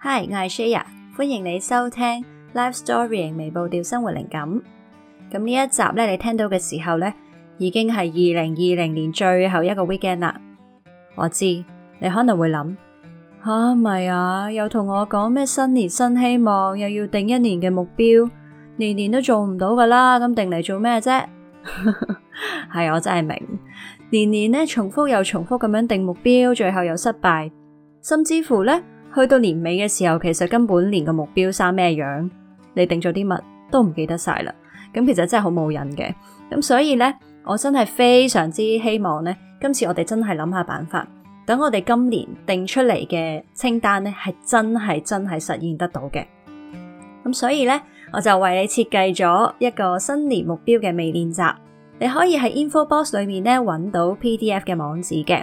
Hi，我係 Shaya，歡迎你收聽 Life Story 微步調生活靈感。咁呢一集咧，你聽到嘅時候咧，已經係二零二零年最後一個 weekend 啦。我知你可能會諗吓，咪啊，又同我講咩新年新希望，又要定一年嘅目標，年年都做唔到噶啦，咁定嚟做咩啫？係，我真係明，年年咧重複又重複咁樣定目標，最後又失敗，甚至乎咧。去到年尾嘅時候，其實根本連個目標生咩樣，你定咗啲乜都唔記得晒啦。咁其實真係好冇癮嘅。咁所以呢，我真係非常之希望呢，今次我哋真係諗下辦法，等我哋今年定出嚟嘅清單呢，係真係真係實現得到嘅。咁所以呢，我就為你設計咗一個新年目標嘅微練習，你可以喺 InfoBox 裏面呢，搵到 PDF 嘅網址嘅。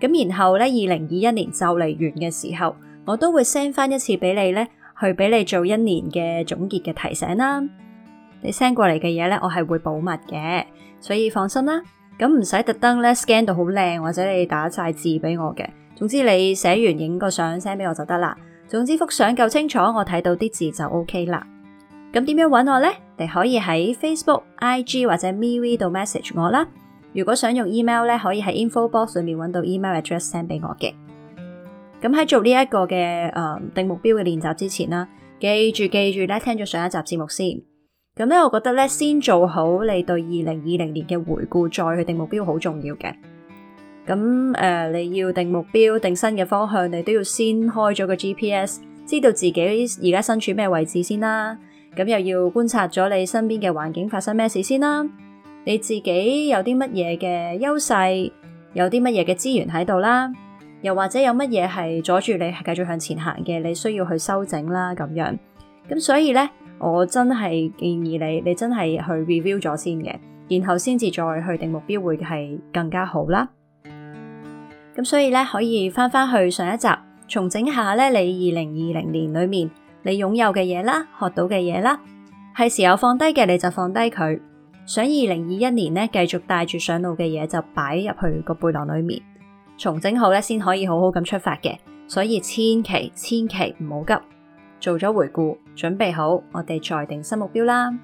咁然後咧，二零二一年就嚟完嘅時候，我都會 send 翻一次俾你咧，去俾你做一年嘅總結嘅提醒啦。你 send 過嚟嘅嘢咧，我係會保密嘅，所以放心啦。咁唔使特登咧 scan 到好靚，或者你打晒字俾我嘅。總之你寫完影個相 send 俾我就得啦。總之幅相夠清楚，我睇到啲字就 OK 啦。咁點樣揾我咧？你可以喺 Facebook、IG 或者 MeWe 度 message 我啦。如果想用 email 咧，可以喺 info box 裏面揾到 email address send 俾我嘅。咁喺做呢一個嘅誒、嗯、定目標嘅練習之前啦，記住記住咧，聽咗上一集節目先。咁咧，我覺得咧，先做好你對二零二零年嘅回顧，再去定目標好重要嘅。咁誒、呃，你要定目標、定新嘅方向，你都要先開咗個 GPS，知道自己而家身處咩位置先啦。咁又要觀察咗你身邊嘅環境發生咩事先啦。你自己有啲乜嘢嘅優勢，有啲乜嘢嘅資源喺度啦，又或者有乜嘢係阻住你繼續向前行嘅，你需要去修整啦，咁樣。咁所以咧，我真係建議你，你真係去 review 咗先嘅，然後先至再去定目標會係更加好啦。咁所以咧，可以翻翻去上一集，重整下咧你二零二零年裏面你擁有嘅嘢啦，學到嘅嘢啦，係時候放低嘅你就放低佢。想二零二一年呢，繼續帶住上路嘅嘢就擺入去個背囊裏面，重整好咧先可以好好咁出發嘅，所以千祈千祈唔好急，做咗回顧，準備好，我哋再定新目標啦。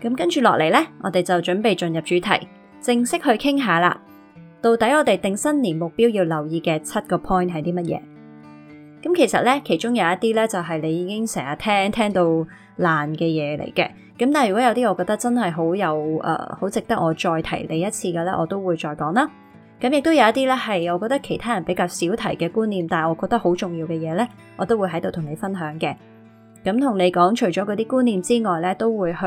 咁跟住落嚟呢，我哋就準備進入主題，正式去傾下啦。到底我哋定新年目標要留意嘅七個 point 係啲乜嘢？咁其實咧，其中有一啲咧就係、是、你已經成日聽聽到爛嘅嘢嚟嘅。咁但係如果有啲，我覺得真係好有誒，好、呃、值得我再提你一次嘅咧，我都會再講啦。咁亦都有一啲咧係，我覺得其他人比較少提嘅觀念，但係我覺得好重要嘅嘢咧，我都會喺度同你分享嘅。咁同你講，除咗嗰啲觀念之外咧，都會去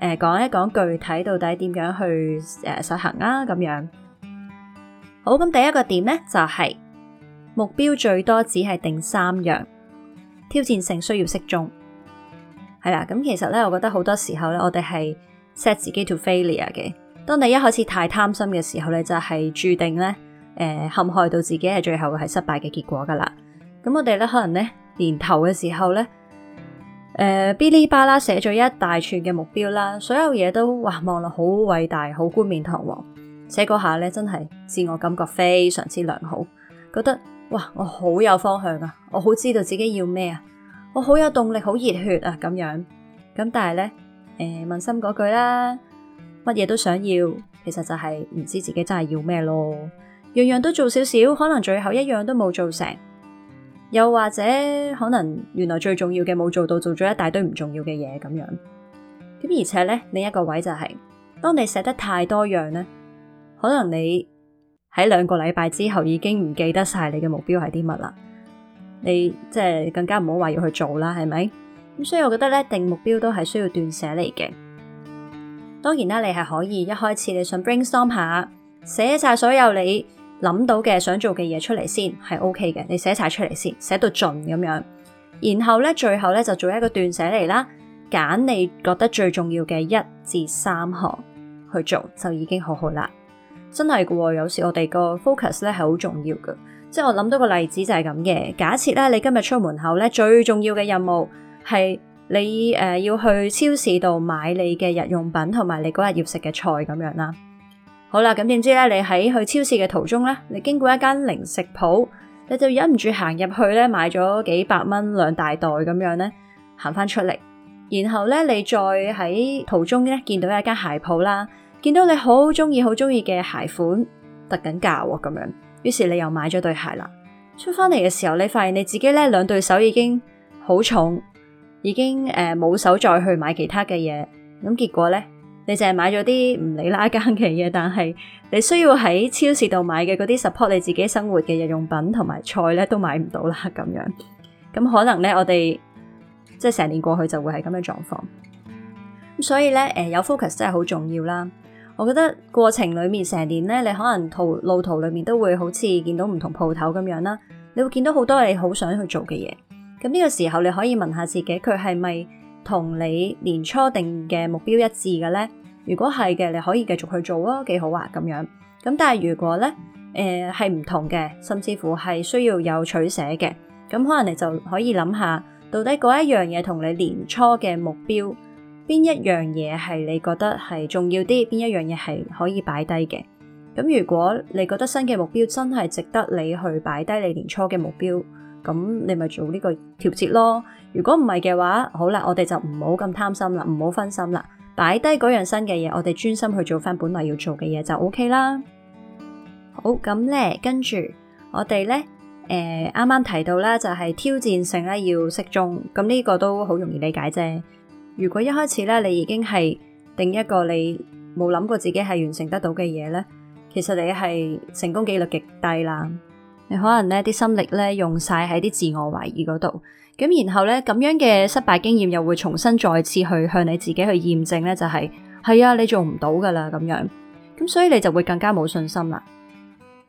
誒講、呃、一講具體到底點樣去誒、呃、實行啊，咁樣。好，咁第一個點咧就係、是。目標最多只係定三樣，挑戰性需要適中，係啦。咁其實咧，我覺得好多時候咧，我哋係 set 自己 to failure 嘅。當你一開始太貪心嘅時候咧，就係、是、注定咧，誒、呃，陷害到自己係最後係失敗嘅結果噶啦。咁我哋咧，可能咧，年頭嘅時候咧，誒、呃，嗶哩吧啦寫咗一大串嘅目標啦，所有嘢都話，望落好偉大，好冠冕堂皇，寫嗰下咧真係自我感覺非常之良好，覺得。哇！我好有方向啊，我好知道自己要咩啊，我好有動力，好熱血啊咁樣。咁但係咧，誒、呃，問心嗰句啦，乜嘢都想要，其實就係唔知自己真係要咩咯。樣樣都做少少，可能最後一樣都冇做成，又或者可能原來最重要嘅冇做到，做咗一大堆唔重要嘅嘢咁樣。咁而且咧，另一個位就係、是，當你寫得太多樣咧，可能你。喺兩個禮拜之後已經唔記得晒你嘅目標係啲乜啦，你即係更加唔好話要去做啦，係咪？咁所以我覺得咧，定目標都係需要斷捨離嘅。當然啦，你係可以一開始你想 brainstorm 下，寫晒所有你諗到嘅想做嘅嘢出嚟先係 OK 嘅，你寫晒出嚟先，寫到盡咁樣，然後咧最後咧就做一個斷捨離啦，揀你覺得最重要嘅一至三項去做就已經好好啦。真係噶，有時我哋個 focus 咧係好重要㗎。即係我諗到個例子就係咁嘅。假設咧你今日出門口咧最重要嘅任務係你誒要去超市度買你嘅日用品同埋你嗰日要食嘅菜咁樣啦。好啦，咁點知咧你喺去超市嘅途中咧，你經過一間零食鋪，你就忍唔住行入去咧買咗幾百蚊兩大袋咁樣咧，行翻出嚟，然後咧你再喺途中咧見到一間鞋鋪啦。見到你好中意、好中意嘅鞋款，特緊價咁、啊、樣，於是你又買咗對鞋啦。出翻嚟嘅時候，你發現你自己咧兩對手已經好重，已經誒冇、呃、手再去買其他嘅嘢。咁結果咧，你淨係買咗啲唔理拉更嘅嘢，但係你需要喺超市度買嘅嗰啲 support 你自己生活嘅日用品同埋菜咧，都買唔到啦。咁樣咁可能咧，我哋即係成年過去就會係咁嘅狀況。咁所以咧，誒有 focus 真係好重要啦。我覺得過程裏面成年咧，你可能途路途裏面都會好似見到唔同鋪頭咁樣啦。你會見到好多你好想去做嘅嘢，咁呢個時候你可以問下自己，佢係咪同你年初定嘅目標一致嘅咧？如果係嘅，你可以繼續去做咯挺，啊，幾好啊咁樣。咁但係如果咧，誒係唔同嘅，甚至乎係需要有取捨嘅，咁可能你就可以諗下，到底嗰一樣嘢同你年初嘅目標。邊一樣嘢係你覺得係重要啲？邊一樣嘢係可以擺低嘅？咁如果你覺得新嘅目標真係值得你去擺低你年初嘅目標，咁你咪做呢個調節咯。如果唔係嘅話，好啦，我哋就唔好咁貪心啦，唔好分心啦，擺低嗰樣新嘅嘢，我哋專心去做翻本來要做嘅嘢就 OK 啦。好，咁咧，跟住我哋咧，誒，啱啱提到啦就係挑戰性咧要適中，咁呢個都好容易理解啫。如果一開始咧，你已經系定一個你冇諗過自己係完成得到嘅嘢咧，其實你係成功幾率極低啦。你可能咧，啲心力咧用晒喺啲自我懷疑嗰度，咁然後咧咁樣嘅失敗經驗又會重新再次去向你自己去驗證咧，就係、是、係啊，你做唔到噶啦咁樣，咁所以你就會更加冇信心啦。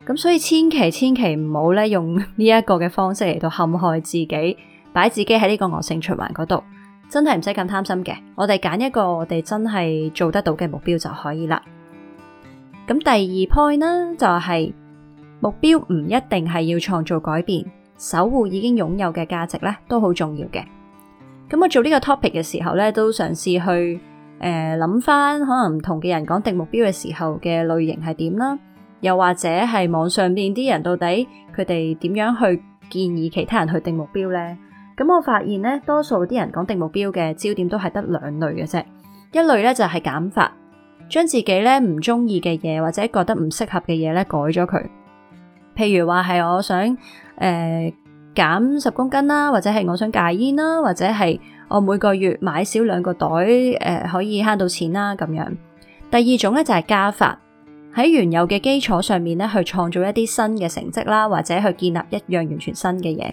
咁所以千祈千祈唔好咧用呢一個嘅方式嚟到陷害自己，擺自己喺呢個惡性循環嗰度。真係唔使咁貪心嘅，我哋揀一個我哋真係做得到嘅目標就可以啦。咁第二 point 呢，就係目標唔一定係要創造改變，守護已經擁有嘅價值呢，都好重要嘅。咁我做呢個 topic 嘅時候呢，都嘗試去誒諗翻可能唔同嘅人講定目標嘅時候嘅類型係點啦，又或者係網上邊啲人到底佢哋點樣去建議其他人去定目標呢？咁我發現咧，多數啲人講定目標嘅焦點都係得兩類嘅啫，一類咧就係減法，將自己咧唔中意嘅嘢或者覺得唔適合嘅嘢咧改咗佢，譬如話係我想誒、呃、減十公斤啦，或者係我想戒煙啦，或者係我每個月買少兩個袋誒、呃、可以慳到錢啦咁樣。第二種咧就係加法，喺原有嘅基礎上面咧去創造一啲新嘅成績啦，或者去建立一樣完全新嘅嘢。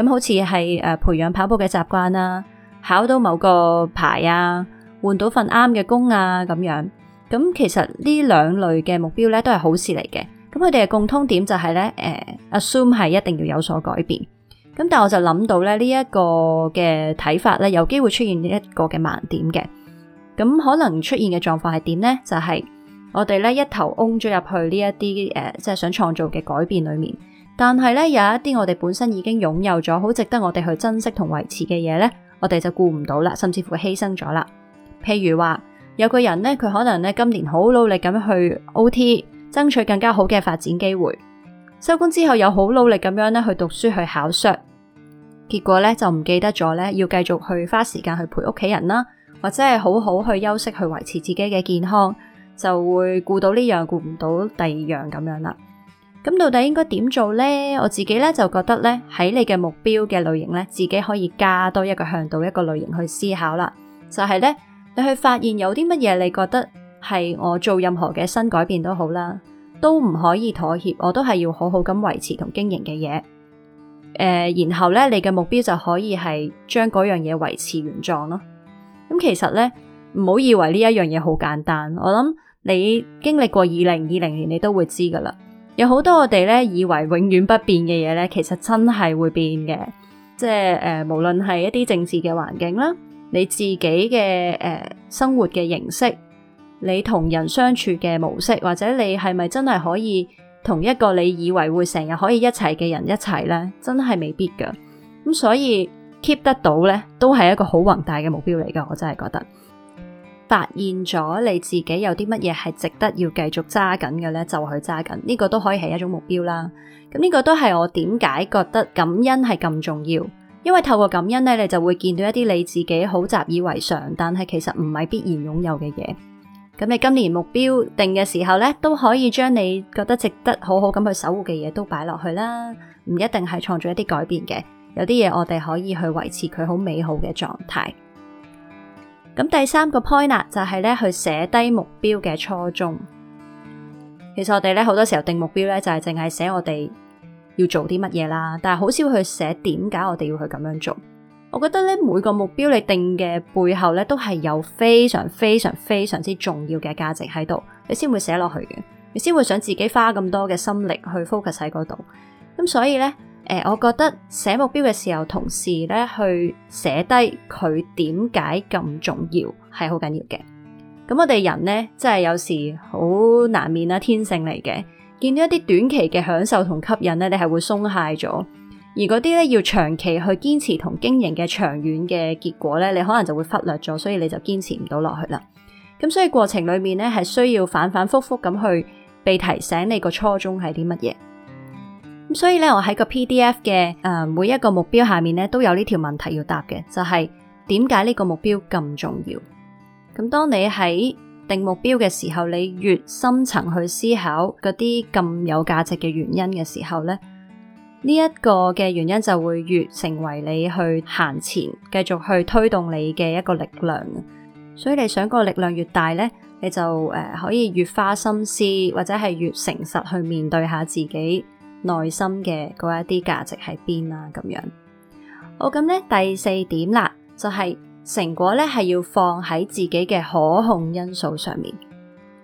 咁好似係誒培養跑步嘅習慣啦，考到某個牌啊，換到份啱嘅工啊，咁樣。咁其實呢兩類嘅目標咧都係好事嚟嘅。咁佢哋嘅共通點就係咧，誒 assume 係一定要有所改變。咁但係我就諗到咧呢一個嘅睇法咧，有機會出現一個嘅盲點嘅。咁可能出現嘅狀況係點咧？就係我哋咧一頭嗡咗入去呢一啲誒，即係想創造嘅改變裏面。但係咧，有一啲我哋本身已經擁有咗，好值得我哋去珍惜同維持嘅嘢咧，我哋就顧唔到啦，甚至乎犧牲咗啦。譬如話有個人咧，佢可能咧今年好努力咁去 OT，爭取更加好嘅發展機會。收工之後又好努力咁樣咧去讀書去考試，結果咧就唔記得咗咧要繼續去花時間去陪屋企人啦，或者係好好去休息去維持自己嘅健康，就會顧到呢樣顧唔到第二樣咁樣啦。咁到底應該點做咧？我自己咧就覺得咧，喺你嘅目標嘅類型咧，自己可以加多一個向度一個類型去思考啦。就係、是、咧，你去發現有啲乜嘢，你覺得係我做任何嘅新改變都好啦，都唔可以妥協，我都係要好好咁維持同經營嘅嘢。誒、呃，然後咧，你嘅目標就可以係將嗰樣嘢維持原狀咯。咁、嗯、其實咧，唔好以為呢一樣嘢好簡單。我諗你經歷過二零二零年，你都會知噶啦。有好多我哋咧，以為永遠不變嘅嘢咧，其實真係會變嘅。即係誒，無論係一啲政治嘅環境啦，你自己嘅誒、呃、生活嘅形式，你同人相處嘅模式，或者你係咪真係可以同一個你以為會成日可以一齊嘅人一齊咧，真係未必噶。咁所以 keep 得到咧，都係一個好宏大嘅目標嚟噶。我真係覺得。發現咗你自己有啲乜嘢係值得要繼續揸緊嘅呢，就去揸緊。呢個都可以係一種目標啦。咁呢個都係我點解覺得感恩係咁重要，因為透過感恩呢，你就會見到一啲你自己好習以為常，但係其實唔係必然擁有嘅嘢。咁你今年目標定嘅時候呢，都可以將你覺得值得好好咁去守護嘅嘢都擺落去啦。唔一定係創造一啲改變嘅，有啲嘢我哋可以去維持佢好美好嘅狀態。咁第三個 point 啦就係咧去寫低目標嘅初衷。其實我哋咧好多時候定目標咧，就係淨係寫我哋要做啲乜嘢啦，但係好少去寫點解我哋要去咁樣做。我覺得咧每個目標你定嘅背後咧，都係有非常非常非常之重要嘅價值喺度，你先會寫落去嘅，你先會想自己花咁多嘅心力去 focus 喺嗰度。咁所以咧。誒、呃，我覺得寫目標嘅時候，同時咧去寫低佢點解咁重要係好緊要嘅。咁我哋人咧，真係有時好難免啦，天性嚟嘅。見到一啲短期嘅享受同吸引咧，你係會鬆懈咗，而嗰啲咧要長期去堅持同經營嘅長遠嘅結果咧，你可能就會忽略咗，所以你就堅持唔到落去啦。咁所以過程裏面咧，係需要反反复复咁去被提醒你個初衷係啲乜嘢。咁所以咧，我喺個 PDF 嘅，誒、嗯、每一個目標下面咧，都有呢條問題要答嘅，就係點解呢個目標咁重要？咁當你喺定目標嘅時候，你越深層去思考嗰啲咁有價值嘅原因嘅時候咧，呢、這、一個嘅原因就會越成為你去行前繼續去推動你嘅一個力量。所以你想個力量越大咧，你就誒、呃、可以越花心思，或者係越誠實去面對下自己。內心嘅嗰一啲價值喺邊啊？咁樣，好。咁咧第四點啦，就係、是、成果咧係要放喺自己嘅可控因素上面。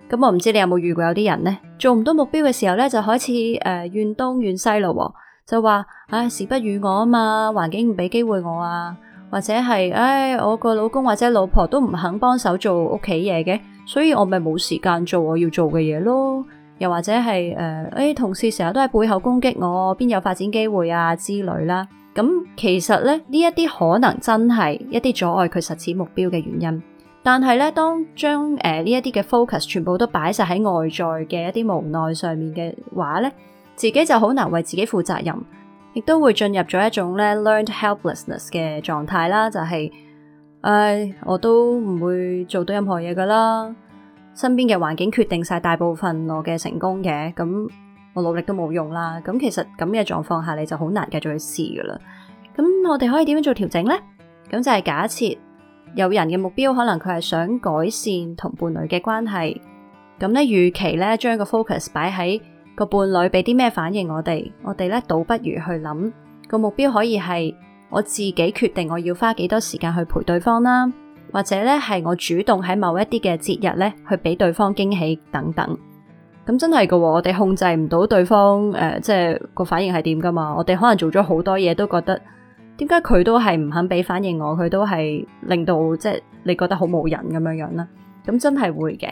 咁我唔知你有冇遇過有啲人咧，做唔到目標嘅時候咧，就開始誒怨、呃、東怨西咯、哦，就話唉、哎、時不與我啊嘛，環境唔俾機會我啊，或者係唉、哎、我個老公或者老婆都唔肯幫手做屋企嘢嘅，所以我咪冇時間做我要做嘅嘢咯。又或者係誒，誒、哎，同事成日都喺背後攻擊我，邊有發展機會啊之類啦。咁其實咧呢一啲可能真係一啲阻礙佢實現目標嘅原因。但係咧，當將誒呢一啲嘅 focus 全部都擺晒喺外在嘅一啲無奈上面嘅話咧，自己就好難為自己負責任，亦都會進入咗一種咧 learned helplessness 嘅狀態啦。就係、是、唉、哎，我都唔會做到任何嘢噶啦。身邊嘅環境決定晒大部分我嘅成功嘅，咁我努力都冇用啦。咁其實咁嘅狀況下，你就好難繼續去試噶啦。咁我哋可以點樣做調整咧？咁就係假設有人嘅目標可能佢係想改善同伴侶嘅關係，咁咧與其咧將個 focus 擺喺個伴侶俾啲咩反應我哋，我哋咧倒不如去諗個目標可以係我自己決定我要花幾多時間去陪對方啦。或者咧，係我主動喺某一啲嘅節日咧，去俾對方驚喜等等。咁真係嘅，我哋控制唔到對方誒，即係個反應係點噶嘛？我哋可能做咗好多嘢，都覺得點解佢都係唔肯俾反應我，佢都係令到即係、就是、你覺得好冇癮，咁樣樣啦。咁真係會嘅。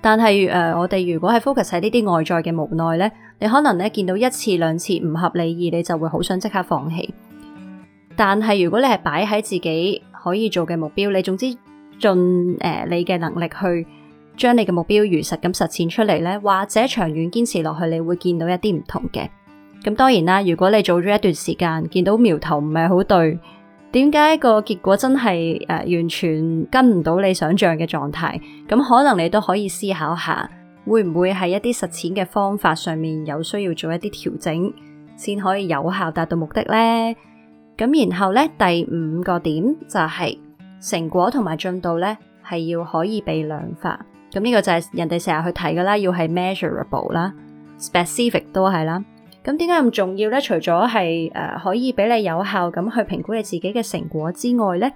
但係誒、呃，我哋如果係 focus 喺呢啲外在嘅無奈咧，你可能咧見到一次兩次唔合理意，你就會好想即刻放棄。但係如果你係擺喺自己。可以做嘅目標，你總之盡誒、呃、你嘅能力去將你嘅目標如實咁實踐出嚟咧，或者長遠堅持落去，你會見到一啲唔同嘅。咁當然啦，如果你做咗一段時間，見到苗頭唔係好對，點解個結果真係誒、呃、完全跟唔到你想象嘅狀態？咁可能你都可以思考一下，會唔會係一啲實踐嘅方法上面有需要做一啲調整，先可以有效達到目的咧？咁然後咧，第五個點就係成果同埋進度咧，係要可以被量化。咁呢個就係人哋成日去睇噶啦，要係 measurable 啦，specific 都係啦。咁點解咁重要咧？除咗係誒可以俾你有效咁去評估你自己嘅成果之外咧，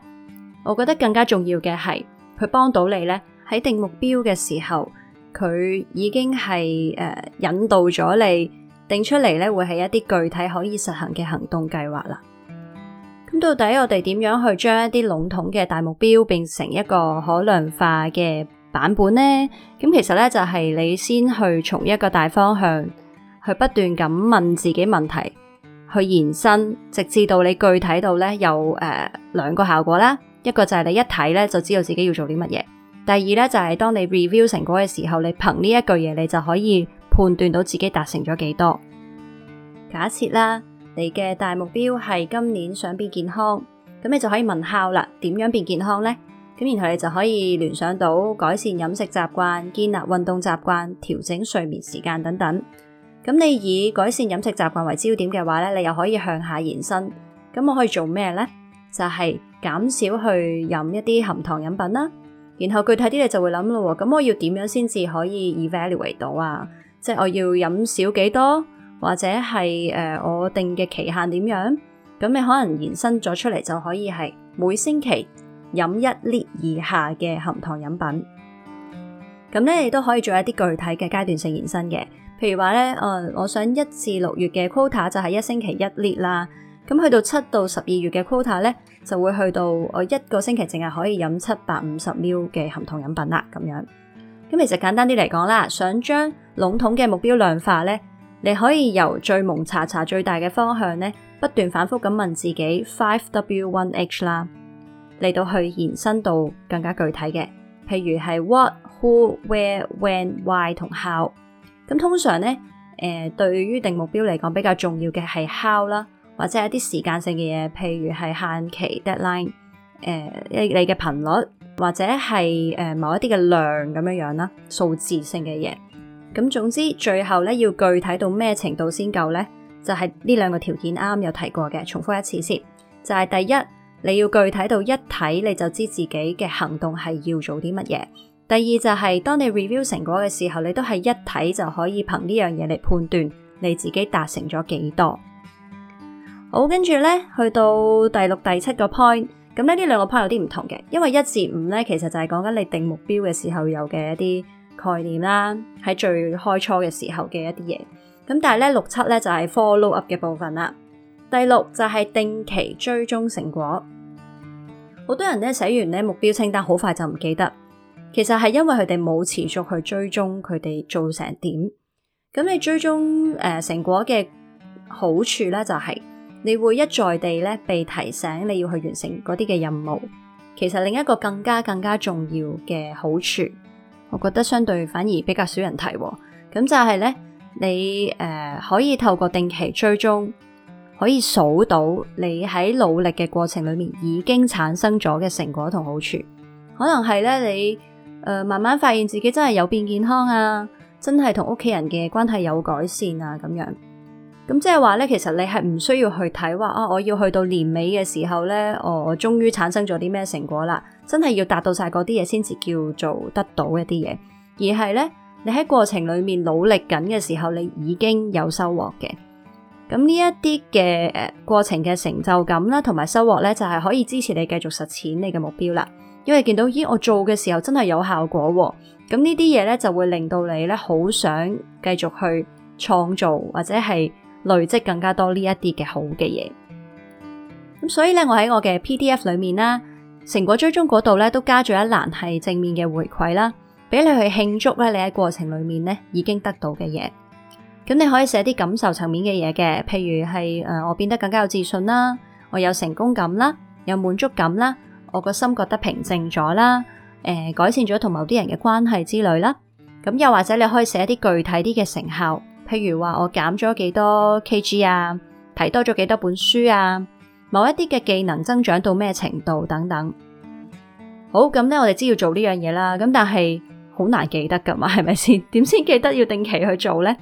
我覺得更加重要嘅係佢幫到你咧，喺定目標嘅時候，佢已經係誒引導咗你定出嚟咧，會係一啲具體可以實行嘅行動計劃啦。咁到底我哋點樣去將一啲籠統嘅大目標變成一個可量化嘅版本呢？咁其實咧就係你先去從一個大方向去不斷咁問自己問題，去延伸，直至到你具體到咧有誒兩個效果啦。一個就係你一睇咧就知道自己要做啲乜嘢。第二咧就係當你 review 成果嘅時候，你憑呢一句嘢你就可以判斷到自己達成咗幾多。假設啦。你嘅大目標係今年想變健康，咁你就可以問下啦。點樣變健康咧？咁然後你就可以聯想到改善飲食習慣、建立運動習慣、調整睡眠時間等等。咁你以改善飲食習慣為焦點嘅話咧，你又可以向下延伸。咁我可以做咩咧？就係減少去飲一啲含糖飲品啦。然後具體啲你就會諗咯。咁我要點樣先至可以 evaluate 到啊？即係我要飲少幾多？或者係、呃、我定嘅期限點樣咁？你可能延伸咗出嚟就可以係每星期飲一列以下嘅含糖飲品。咁咧，你都可以做一啲具體嘅階段性延伸嘅。譬如話咧、呃，我想一至六月嘅 quota 就係一星期一列啦。咁去到七到十二月嘅 quota 咧，就會去到我一個星期淨係可以飲七百五十 ml 嘅含糖飲品啦。咁樣咁其實簡單啲嚟講啦，想將籠統嘅目標量化咧。你可以由最蒙查查最大嘅方向咧，不斷反覆咁問自己 five W one H 啦，嚟到去延伸到更加具體嘅，譬如係 what、who、where、when、why 同 how。咁通常咧，誒、呃、對於定目標嚟講比較重要嘅係 how 啦，或者係一啲時間性嘅嘢，譬如係限期 deadline，誒、呃、你嘅頻率或者係誒、呃、某一啲嘅量咁樣樣啦，數字性嘅嘢。咁總之，最後咧要具體到咩程度先夠呢？就係呢兩個條件啱啱有提過嘅，重複一次先。就係第一，你要具體到一睇你就知自己嘅行動係要做啲乜嘢；第二就係當你 review 成果嘅時候，你都係一睇就可以憑呢樣嘢嚟判斷你自己達成咗幾多。好，跟住咧去到第六、第七個 point，咁咧呢兩個 point 有啲唔同嘅，因為一至五咧其實就係講緊你定目標嘅時候有嘅一啲。概念啦，喺最開初嘅時候嘅一啲嘢，咁但係咧六七咧就係 follow up 嘅部分啦。第六就係定期追蹤成果。好多人咧寫完咧目標清單，好快就唔記得，其實係因為佢哋冇持續去追蹤佢哋做成點。咁你追蹤誒成果嘅好處咧，就係你會一再地咧被提醒你要去完成嗰啲嘅任務。其實另一個更加更加重要嘅好處，我覺得相對反而比較少人提、哦，咁就係咧，你誒、呃、可以透過定期追蹤，可以數到你喺努力嘅過程裏面已經產生咗嘅成果同好處，可能係咧你誒、呃、慢慢發現自己真係有變健康啊，真係同屋企人嘅關係有改善啊，咁樣。咁即係話咧，其實你係唔需要去睇話啊，我要去到年尾嘅時候咧、哦，我終於產生咗啲咩成果啦？真係要達到晒嗰啲嘢先至叫做得到一啲嘢，而係咧，你喺過程裏面努力緊嘅時候，你已經有收穫嘅。咁呢一啲嘅誒過程嘅成就感啦，同埋收穫咧，就係、是、可以支持你繼續實踐你嘅目標啦。因為見到咦，我做嘅時候真係有效果喎。咁呢啲嘢咧就會令到你咧好想繼續去創造或者係。累積更加多呢一啲嘅好嘅嘢，咁所以咧，我喺我嘅 PDF 裏面啦，成果追蹤嗰度咧，都加咗一欄係正面嘅回饋啦，俾你去慶祝咧，你喺過程裏面咧已經得到嘅嘢。咁你可以寫啲感受層面嘅嘢嘅，譬如係誒我變得更加有自信啦，我有成功感啦，有滿足感啦，我個心覺得平靜咗啦，誒、呃、改善咗同某啲人嘅關係之類啦。咁又或者你可以寫一啲具體啲嘅成效。譬如話我減咗幾多 KG 啊，提多咗幾多本書啊，某一啲嘅技能增長到咩程度等等。好，咁咧，我哋知要做呢樣嘢啦。咁但係好難記得噶嘛，係咪先？點先記得要定期去做咧？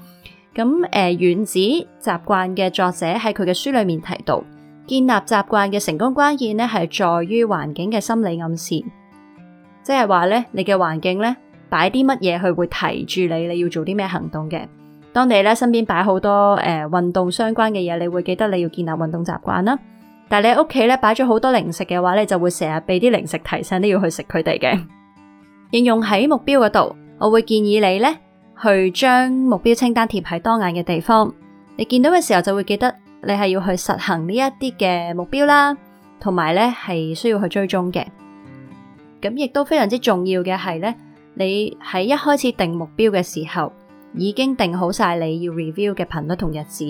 咁誒，原子習慣嘅作者喺佢嘅書裏面提到，建立習慣嘅成功關鍵咧係在於環境嘅心理暗示，即係話咧，你嘅環境咧擺啲乜嘢，佢會提住你，你要做啲咩行動嘅。當你咧，身邊擺好多誒運動相關嘅嘢，你會記得你要建立運動習慣啦。但係你喺屋企咧擺咗好多零食嘅話咧，就會成日俾啲零食提醒都要去食佢哋嘅。應用喺目標嗰度，我會建議你咧去將目標清單貼喺當眼嘅地方，你見到嘅時候就會記得你係要去實行呢一啲嘅目標啦，同埋咧係需要去追蹤嘅。咁亦都非常之重要嘅係咧，你喺一開始定目標嘅時候。已經定好晒你要 review 嘅頻率同日子，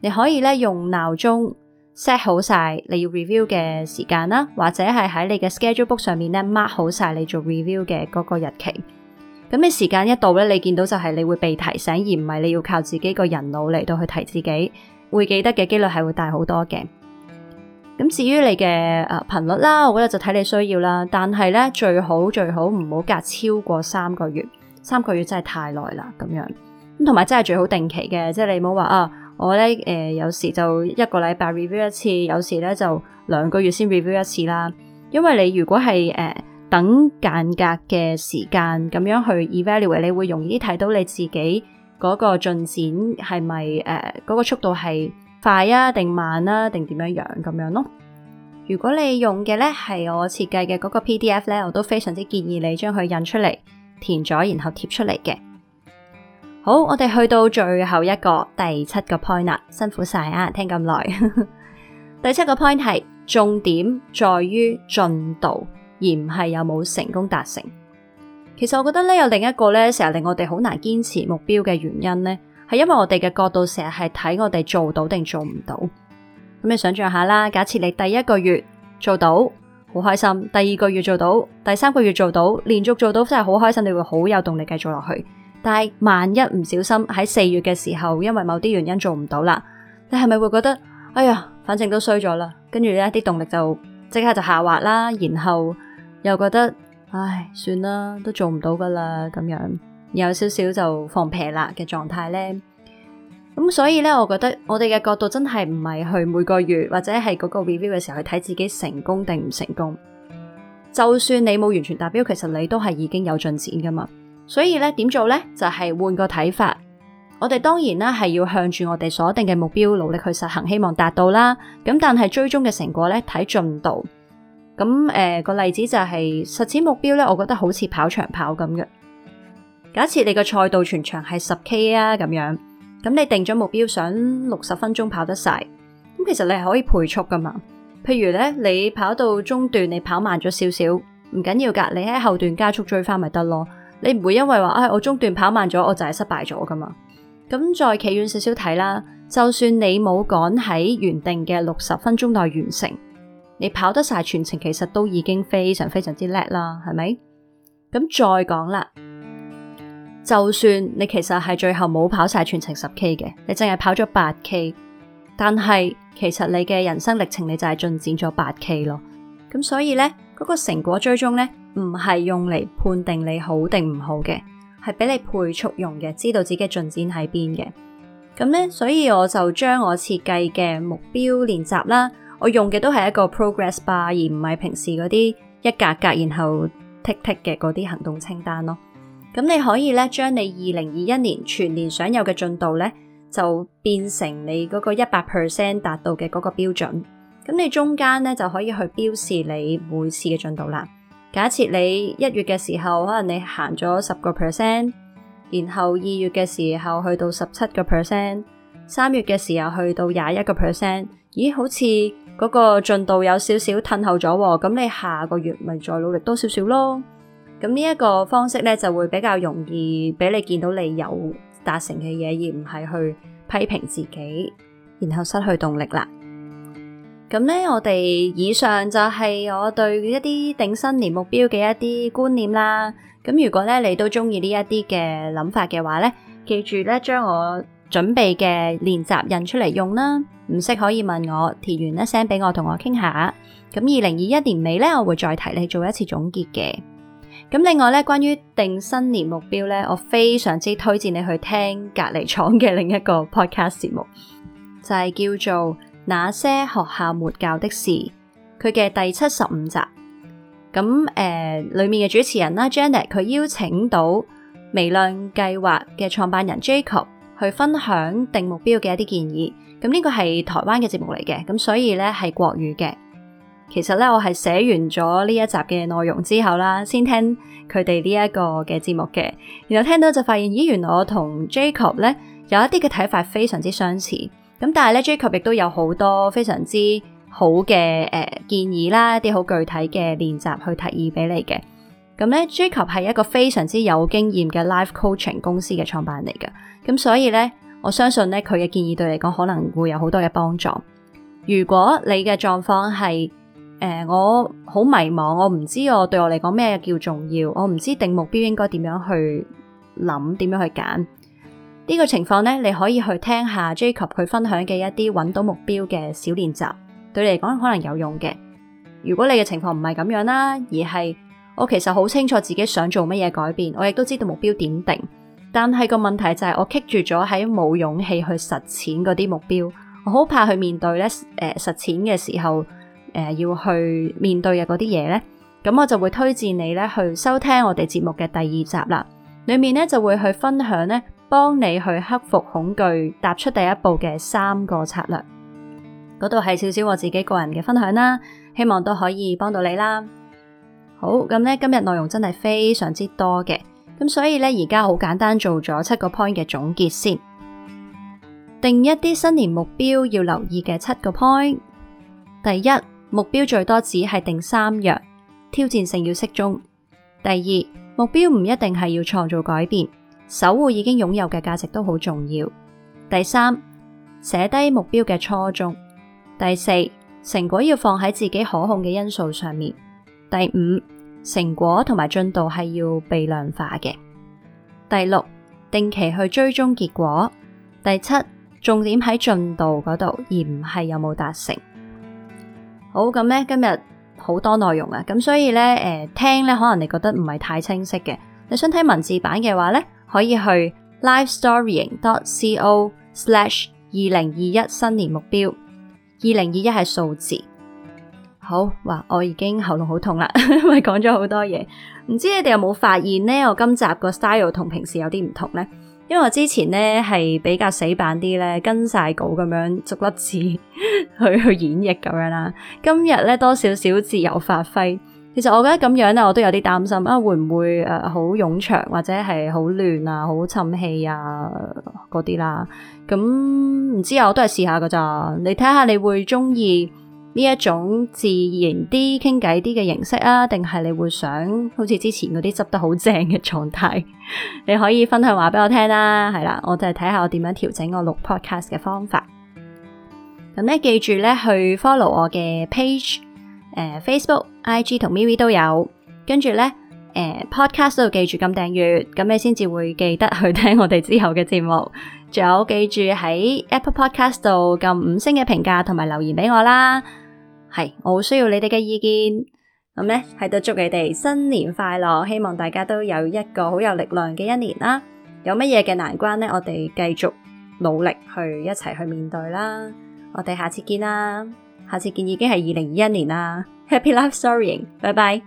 你可以咧用鬧鐘 set 好晒你要 review 嘅時間啦，或者係喺你嘅 schedule book 上面咧 mark 好晒你做 review 嘅嗰個日期。咁你時間一到咧，你見到就係你會被提醒，而唔係你要靠自己個人腦嚟到去提自己會記得嘅幾率係會大好多嘅。咁至於你嘅誒頻率啦，我覺得就睇你需要啦，但係咧最好最好唔好隔超過三個月。三個月真係太耐啦，咁樣咁同埋真係最好定期嘅，即係你唔好話啊，我咧、呃、有時就一個禮拜 review 一次，有時咧就兩個月先 review 一次啦。因為你如果係、呃、等間隔嘅時間咁樣去 evaluate，你會容易睇到你自己嗰個進展係咪誒嗰個速度係快啊定慢啊定點樣樣咁樣咯。如果你用嘅咧係我設計嘅嗰個 PDF 咧，我都非常之建議你將佢印出嚟。填咗然後貼出嚟嘅，好，我哋去到最後一個第七個 point 啦，辛苦晒啊，聽咁耐。第七個 point 係重點在於進度，而唔係有冇成功達成。其實我覺得咧，有另一個咧，成日令我哋好難堅持目標嘅原因咧，係因為我哋嘅角度成日係睇我哋做到定做唔到。咁你想象下啦，假設你第一個月做到。好開心，第二個月做到，第三個月做到，連續做到真係好開心，你會好有動力繼續落去。但係萬一唔小心喺四月嘅時候，因為某啲原因做唔到啦，你係咪會覺得，哎呀，反正都衰咗啦，跟住咧啲動力就即刻就下滑啦，然後又覺得唉，算啦，都做唔到噶啦，咁樣有少少就放平啦嘅狀態咧。咁所以咧，我覺得我哋嘅角度真係唔係去每個月或者係嗰個 review 嘅時候去睇自己成功定唔成功。就算你冇完全達標，其實你都係已經有進展噶嘛。所以咧，點做咧？就係換個睇法。我哋當然啦，係要向住我哋所定嘅目標努力去實行，希望達到啦。咁但係追蹤嘅成果咧，睇進度。咁誒個例子就係實踐目標咧，我覺得好似跑長跑咁嘅。假設你個賽道全場係十 K 啊，咁樣。咁你定咗目標想六十分鐘跑得晒，咁其實你係可以倍速噶嘛。譬如咧，你跑到中段你跑慢咗少少，唔緊要噶，你喺後段加速追返咪得咯。你唔會因為話、哎、我中段跑慢咗，我就係失敗咗噶嘛。咁再企遠少少睇啦，就算你冇趕喺原定嘅六十分鐘內完成，你跑得晒全程，其實都已經非常非常之叻啦，係咪？咁再講啦。就算你其實係最後冇跑晒全程十 K 嘅，你淨係跑咗八 K，但係其實你嘅人生歷程你就係進展咗八 K 咯。咁所以呢，嗰個成果追蹤呢，唔係用嚟判定你好定唔好嘅，係俾你配速用嘅，知道自己嘅進展喺邊嘅。咁呢，所以我就將我設計嘅目標練習啦，我用嘅都係一個 progress bar，而唔係平時嗰啲一格格然後 tick tick 嘅嗰啲行動清單咯。咁你可以咧，將你二零二一年全年想有嘅進度咧，就變成你嗰個一百 percent 達到嘅嗰個標準。咁你中間咧就可以去標示你每次嘅進度啦。假設你一月嘅時候可能你行咗十個 percent，然後二月嘅時候去到十七個 percent，三月嘅時候去到廿一個 percent，咦，好似嗰個進度有少少褪後咗喎，咁你下個月咪再努力多少少咯。咁呢一個方式咧，就會比較容易俾你見到你有達成嘅嘢，而唔係去批評自己，然後失去動力啦。咁咧，我哋以上就係我對一啲訂新年目標嘅一啲觀念啦。咁如果咧你都中意呢一啲嘅諗法嘅話咧，記住咧將我準備嘅練習印出嚟用啦。唔識可以問我，填完一聲俾我，同我傾下。咁二零二一年尾咧，我會再提你做一次總結嘅。咁另外呢，關於定新年目標呢，我非常之推薦你去聽隔籬廠嘅另一個 podcast 節目，就係叫做《那些學校沒教的事》，佢嘅第七十五集。咁誒、呃，裏面嘅主持人啦，Janet，佢邀請到微量計劃嘅創辦人 Jacob 去分享定目標嘅一啲建議。咁呢個係台灣嘅節目嚟嘅，咁所以呢，係國語嘅。其實咧，我係寫完咗呢一集嘅內容之後啦，先聽佢哋呢一個嘅節目嘅。然後聽到就發現，咦，原來我同 Jacob 咧有一啲嘅睇法非常之相似。咁但係咧，Jacob 亦都有好多非常之好嘅誒、呃、建議啦，一啲好具體嘅練習去提議俾你嘅。咁咧，Jacob 係一個非常之有經驗嘅 Life Coaching 公司嘅創辦人嚟噶。咁所以咧，我相信咧佢嘅建議對嚟講可能會有好多嘅幫助。如果你嘅狀況係，誒、呃，我好迷茫，我唔知我對我嚟講咩叫重要，我唔知定目標應該點樣去諗，點樣去揀。呢、這個情況呢，你可以去聽下 Jacob 佢分享嘅一啲搵到目標嘅小練習，對你嚟講可能有用嘅。如果你嘅情況唔係咁樣啦，而係我其實好清楚自己想做乜嘢改變，我亦都知道目標點定，但係個問題就係我棘住咗喺冇勇氣去實踐嗰啲目標，我好怕去面對咧誒實踐嘅時候。誒、呃，要去面對嘅嗰啲嘢呢，咁我就會推薦你呢去收聽我哋節目嘅第二集啦。裏面呢，就會去分享呢幫你去克服恐懼、踏出第一步嘅三個策略。嗰度係少少我自己個人嘅分享啦，希望都可以幫到你啦。好，咁呢今日內容真係非常之多嘅，咁所以呢，而家好簡單做咗七個 point 嘅總結先，定一啲新年目標要留意嘅七個 point，第一，目標最多只係定三樣，挑戰性要適中。第二，目標唔一定係要創造改變，守護已經擁有嘅價值都好重要。第三，寫低目標嘅初衷。第四，成果要放喺自己可控嘅因素上面。第五，成果同埋進度係要被量化嘅。第六，定期去追蹤結果。第七，重點喺進度嗰度，而唔係有冇達成。好咁呢，今日好多內容啊，咁所以呢，誒、呃、聽呢可能你覺得唔係太清晰嘅，你想睇文字版嘅話呢，可以去 lifestorying.co/slash 二零二一新年目標，二零二一係數字。好，哇，我已經喉嚨好痛啦，因為講咗好多嘢，唔知你哋有冇發現呢？我今集個 style 同平時有啲唔同呢。因為我之前呢，係比較死板啲呢，跟晒稿咁樣逐粒字去，去演繹咁樣啦。今日呢，多少少自由發揮，其實我覺得咁樣呢、啊呃啊，我都有啲擔心啊，會唔會好冗長或者係好亂啊、好沉氣啊嗰啲啦？咁唔知啊，我都係試下噶咋。你睇下你會鍾意，呢一種自然啲傾偈啲嘅形式啊，定係你會想好似之前嗰啲執得好正嘅狀態？你可以分享話俾我聽啦、啊。係啦，我就係睇下我點樣調整我錄 podcast 嘅方法。咁咧，記住咧去 follow 我嘅 page，Facebook、呃、IG 同 MeWe 都有。跟住咧，podcast 度記住撳訂閱，咁你先至會記得去聽我哋之後嘅節目。仲有記住喺 Apple Podcast 度撳五星嘅評價同埋留言俾我啦。係，我好需要你哋嘅意見。咁咧，喺度祝你哋新年快樂，希望大家都有一個好有力量嘅一年啦。有乜嘢嘅難關咧，我哋繼續努力去一齊去面對啦。我哋下次見啦，下次見已經係二零二一年啦。Happy Life Storying，拜拜。